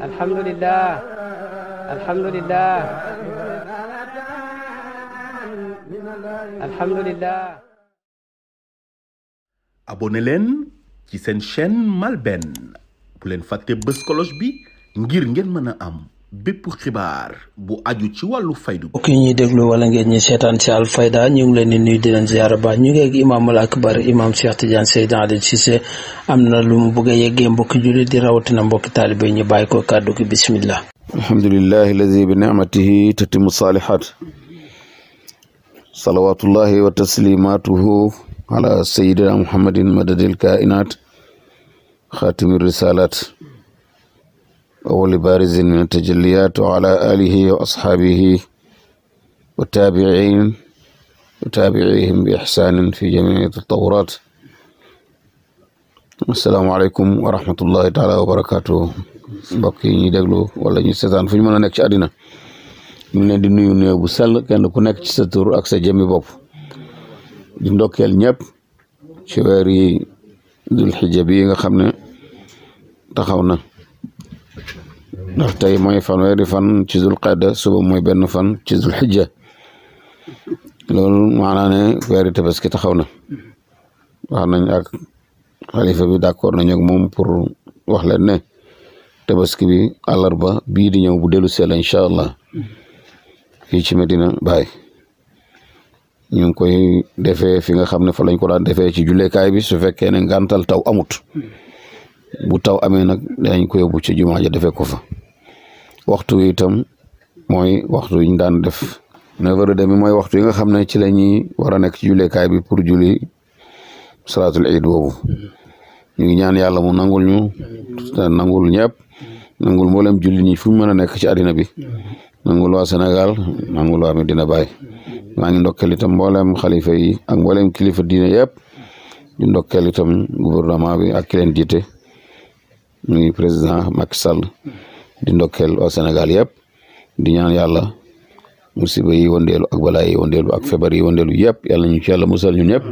alhamdulilah alhamdulilah alhamdulilah. abonné leen ci seen chaîne MALBN bu leen fàtte bës cloche bi ngir ngeen mën a am bépp xibaar bu aju ci wàllu faydu bi. mbokk yi ñuy déglu wala ngeen ñi seetaan ci Alfayda ñu ngi leen di nuyu di leen ziyaara baax ñu ngi ak imaamul akbar imaam Cheikh Tidiane Seydina Aliou Cissé am na lu mu bëgg a yeggee mbokki jullit di rawatina mbokki taalibe ñu bàyyi ko kàddu gi bismillah. alhamdulillahi alladi bi nicmatihi tatimu saalihaat salawatullahi wa taslimatuhu ala sayidina muhammadin madadil kainat xaatimi risalaat أول بارز من التجليات وعلى آله وأصحابه والتابعين وتابعيهم بإحسان في جميع التطورات السلام عليكم ورحمة الله تعالى وبركاته mbokk yi ñuy deglu wala ñu seetaan fu ñu mën a nekk ci àddina ñu leen di nuyu néew bu sell kenn ku nekk ci sa tur ak sa jëmmi bopp di ndokkeel ñëpp ci weer yi dul xijja nga xam ne taxaw na ndax tey mooy fanweeri fan ci zul qada suba mooy benn fan ci zul xijja loolu ne weeri tabaski taxaw na wax nañ ak xalifa bi d'accord nañ ak moom pour wax leen ne tabaski bi àllarba bii di ñëw bu dellu see la allah fii ci Medina Baay ñu ngi koy defee fi nga xam ne fa lañ ko daan defee ci jullekaay bi su fekkee ne ngàntal taw amut bu taw amee nag dañ ko yóbbu ci jumaa ja defee ko fa waxtu wi itam mooy waxtu yi ñu daan def neuf heures et demi mooy waxtu yi nga xam ne ci la ñuy war a nekk ci kaay bi pour juli salaatul iid boobu ñu ngi ñaan yàlla mu nangul ñu nangul ñëpp nangul mboolem julli ñi fu mu mën a nekk ci àddina bi nangul waa Sénégal nangul waa Medina Baye maa ngi ndokkeel itam mboolem xalifa yi ak mboolem kilifa diine yëpp di ndokkeel itam gouvernement bi ak ki leen jiite muy président Macky Sall di ndokkeel waa senegal yëpp di ñaan yàlla musiba yi wëndeelu ak balaa yi wëndeelu ak feebar yi wëndeelu yëpp yàlla ñu ci yàlla musal ñun ñëpp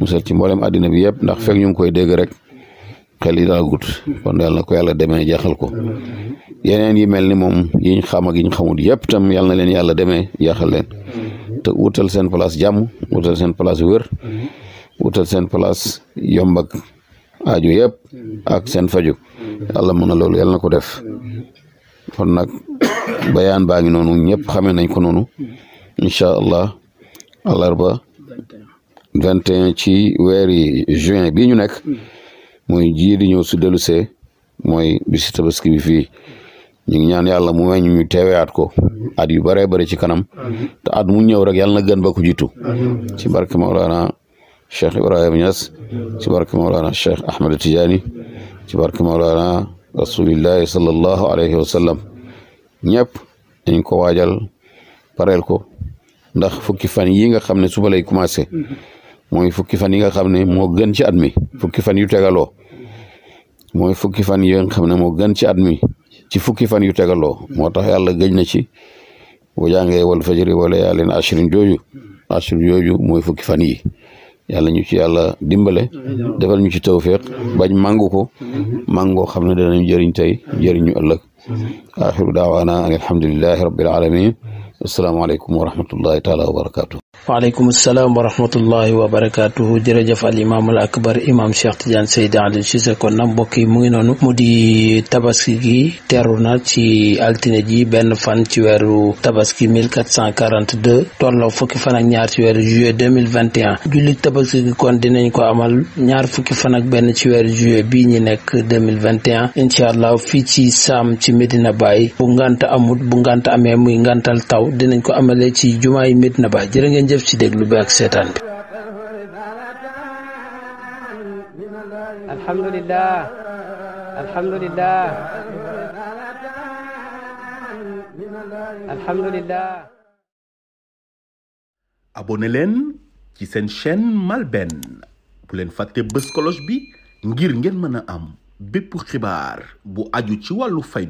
musal ci mboolem àddina bi yëpp ndax feg ñu ngi koy dégg rek xel yi daa gut kon yàlla na ko yàlla demee jeexal ko yeneen yi mel ni moom yiñ xam ak yiñ xamul yëpp tam yàlla na leen yàlla demee jeexal leen te wutal seen place jàmm wutal seen place wér wutal seen place yomb aju yëpp mm-hmm. ak seen faju mm-hmm. yàlla mën na loolu yàlla na ko def fon mm-hmm. nag bayaan baa ngi noonu ñëpp xamee nañ ko noonu incha allah àllarba vingt ci weeri juin bii ñu nekk mooy jii di ñëw su dellusee mooy bisi tabaski bi fii ñu ngi ñaan yàlla mu weñ ñu teeweyaat ko at yu bëree bëri ci kanam te at mu ñëw rek yàlla na gën ba ko jiitu ci barke Maolana Cheikh Ibrahima Niass ci barke Mawlana Cheikh Ahmed Tidiane ci barke Mawlana rasulillahi sallallahu alayhi wa sallam ñëpp dañ ko waajal pareel ko ndax fukki fan yi nga xam ne suba lay commencé mooy fukki fan yi nga xam ne moo gën ci at mi fukki fan yu tegaloo mooy fukki fan yi nga xam ne moo gën ci at mi ci fukki fan yu tegaloo moo tax yàlla gëj na ci boo jàngee wal fajri wala yaa leen ashrin jooju ashrin mooy fukki fan yi yàlla ñu ci yàlla dimbale defal ñu ci tawfiq bañ màngu ko màngoo xam ne danañ jëriñ tey jëriñ ñu ëllëg axiru daawaana an alhamdulillahi rabbil alamin asalaamaaleykum wa rahmatullahi taala wa barakaatu. waaleykum salaam wa rahmatullahi wa barakaatu jërëjëf al imaam al akbar imaam Cheikh Tidiane Seydi Aliou Cissé kon nag mbokk yi mu ngi noonu mu di tabaski gi teeru na ci altine ji benn fan ci weeru tabaski 1442 tolloo fukki fan ak ñaar ci weeru juillet 2021 jullit tabaski gi kon dinañ ko amal ñaar fukki fan ak benn ci weeru juillet bii ñu nekk 2021 incha allah fii ci saam ci Medina Baye bu ngant amut bu ngant amee muy ngantal taw. gaaw dinañ ko amale ci jumaa yi Medina Baye jërë ngeen jëf ci déglu bi ak seetaan bi alhamdulilah alhamdulilah leen ci seen chen MALBN bu leen fàtte bës cloche bi ngir ngeen mën a am bépp xibaar bu aju ci wàllu faydu